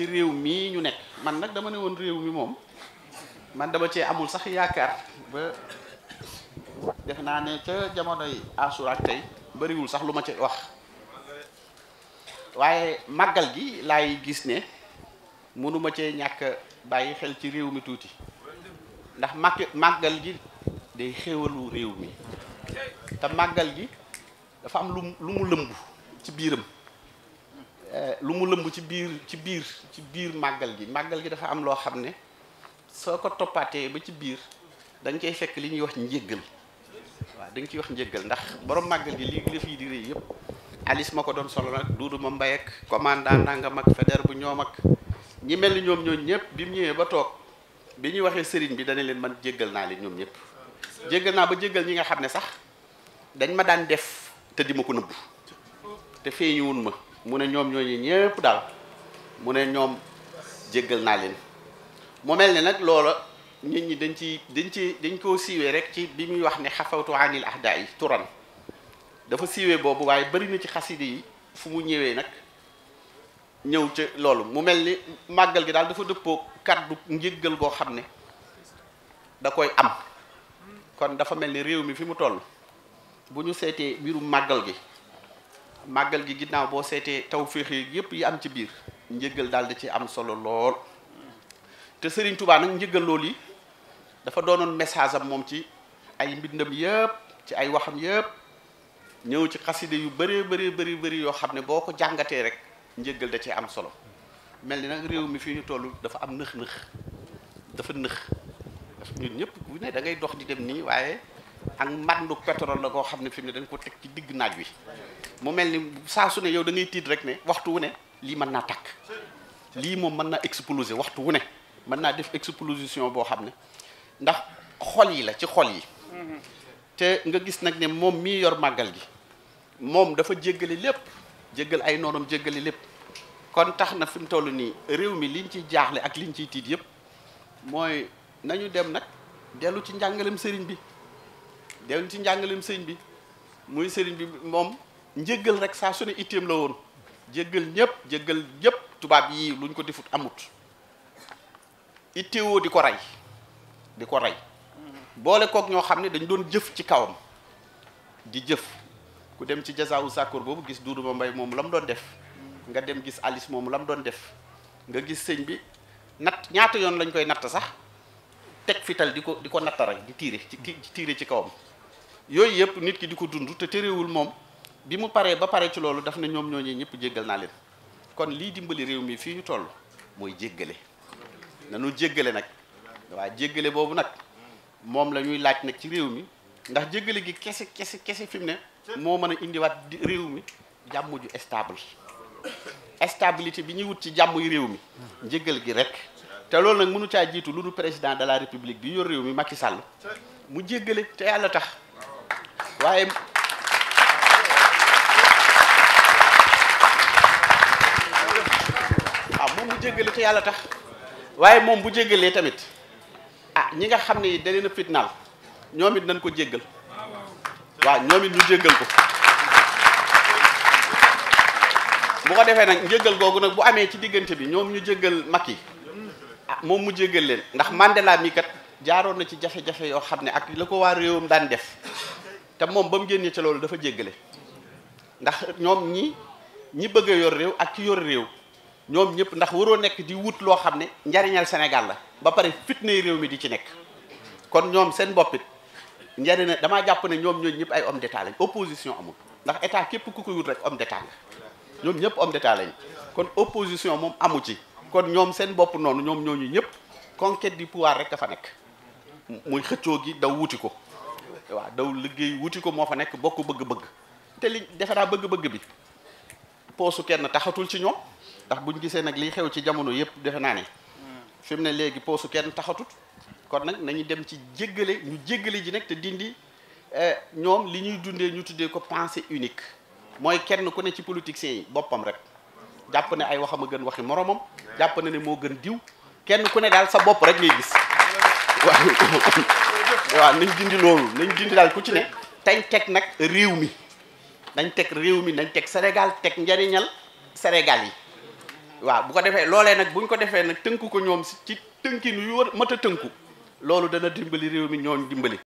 ci réew mii ñu nekk man nag dama ne woon réew mi moom man dama cee amul sax yaakaar ba def naa ne ca jamonoy asura ak tey bariwul sax lu ma ci wax waaye màggal gi laay gis ne mënuma cee ñàkk bàyyi xel ci réew mi tuuti ndax màgg màggal gi day xéewalu réew mi te màggal gi dafa am lu lu mu lëmb ci biiram Eh, lu mu cibir, ci biir ci biir ci biir magal gi magal gi dafa am lo xamne soko topaté ba ci biir dañ cey fekk li ñuy wax ñeegal wa dañ ci wax ñeegal ndax borom magal gi li li fi di reey yépp alis mako ko doon solo nak dudu ma Mbay ak commandant nangam ak fédère bu ñom ak ñi mel ñom ñoo ñepp bi mu ñewé ba tok bi ñuy serigne bi dañ leen man jéggal na li ñom ñepp jéggal na ba jéggal ñi nga sax dañ ma daan def te di ma ko nëbb te feeñuwun ma mu ne ñoom ñooñu ñépp daal mu ne ñoom jéggal naa leen mu mel ne nag loola nit ñi dañ ci dañ ci dañ koo siiwee rek ci bi muy wax ne xafawtu anil ahda yi turan dafa siiwee boobu waaye bari na ci xaside yi fu mu ñëwee nag ñëw ca loolu mu mel ni màggal gi daal dafa dëppoo kaddu njëggal boo xam ne da koy am kon dafa mel ni réew mi fi mu toll bu ñu seetee mbiru màggal gi màggal gi ginnaaw boo seetee taw féex yi yëpp yi am ci biir njëggal daal da ci am solo lool te sëriñ Touba nag njëggal lool yi dafa doonoon message am moom ci ay mbindam yëpp ci ay waxam yëpp ñëw ci xaside yu bëree bëri bëri bëri yoo xam ne boo ko jàngatee rek njëggal da ci am solo mel ni nag réew mi fii ñu toll dafa am nëx-nëx dafa nëx ñun ñëpp bu ne da ngay dox di dem nii waaye ak mbandu pétrole la koo xam ne fi mu ne dañ ko teg ci digg naaj wi mu mel ni saa ne yow da tiit rek ne waxtu wu ne lii mën naa takk lii moom mën naa exploser waxtu wu ne mën naa def explosion boo xam ne ndax xol yi la ci xol yi te nga gis nag ne moom mii yor màggal gi moom dafa jéggale lépp jéggal ay noonam jéggale lépp kon tax na fi mu toll nii réew mi liñ ciy jaaxle ak liñ ciy tiit yëpp mooy nañu dem nag dellu ci njàngalem sëriñ bi dellu ci njàngaleem sëñ bi muy sëriñ bi moom njëgal rek saa su ne itteem la woon jéggal ñëpp jéggal ñëpp tubaab yii luñ ko defut amut ittewoo di ko rey di ko rey boole kook ñoo xam ne dañ doon jëf ci kawam di jëf ku dem ci jasaawu sàkkoor boobu gis Duudu Mbay moom la mu doon def nga dem gis alis moom la mu doon def nga gis sëñ bi natt ñaata yoon lañ koy natt sax teg fital di ko di ko natt rek di tiire ci tiire ci kawam yooyu yëpp nit ki di ko dund te terewul moom bi mu paree ba pare ci loolu daf na ñoom ñooñee ñëpp jéggal naa leen kon lii dimbali réew mi fii ñu toll mooy jéggale nanu jéggale nag waaw jéggale boobu nag moom la ñuy laaj nag ci réew mi ndax jéggale gi kese kese kese fi mu ne moo mën a indiwaat réew mi jàmm ju stable stabilité bi ñuy wut ci jàmm yu réew mi njéggal gi rek te loolu nag mënu caa jiitu lu dul président de la république bi yor réew mi Macky Sall mu jéggale te tax waaye ah, moom mu jéggale te yàlla tax waaye moom bu jéggalee tamit ah ñi nga xam ne da leen a fitnaal ñoom it nañ ko jéggal waaw ñoom it ñu jéggal ko bu ko defee nag njéggal googu nag bu amee ci diggante bi ñoom ñu jéggal mag yi ah moom mu jéggal leen ndax Mandela mi kat jaaroon na ci jafe-jafe yoo xam ne ak la ko waa réewam daan def te moom ba mu génnee ci loolu dafa jéggale ndax ñoom ñi ñi bëgg yor réew ak ci yor réew ñoom ñëpp ndax waroo nekk di wut loo xam ne njariñal Sénégal la ba pare fitna réew mi di ci nekk kon ñoom seen boppit njariñ damaa jàpp ñoom ñooñu ñëpp ay homme d'état lañ opposition képp ku ko wut rek homme d'état nga ñëpp homme lañ kon opposition moom amu ci kon ñoom seen bopp noonu ñoom ñooñu ñëpp conquête du pouvoir rek dafa nekk muy xëccoo gi daw wuti ko waaw daw liggéey wuti ko moo fa nekk bokk bëgg-bëgg te li defe naa bëgg-bëgg bi poosu kenn taxatul ci ñoom ndax bu ñu gisee nag liy xew ci jamono yépp defe naa ne fi mu ne léegi poosu kenn taxatut kon nag nañu dem ci jéggale ñu jéggale ji nag te dindi eh, ñoom li ñuy dundee ñu tuddee ko pensée unique mooy kenn ku ne ci politiciens yi boppam rek jàpp ne ay waxam a gën waxi moromam jàpp na ne moo gën diw kenn ku ne daal sa bopp rek ngay gis waaw waaw nañ dindi loolu nañ dindi daal ku ci ne tañ teg nag réew mi nañ teg réew mi nañ teg Sénégal teg njariñal Sénégal yi waaw bu ko defee loolee nag buñ ko defee nag tënku ko ñoom ci tënkin yu war mat a tënku loolu dana dimbali réew mi ñooñ dimbali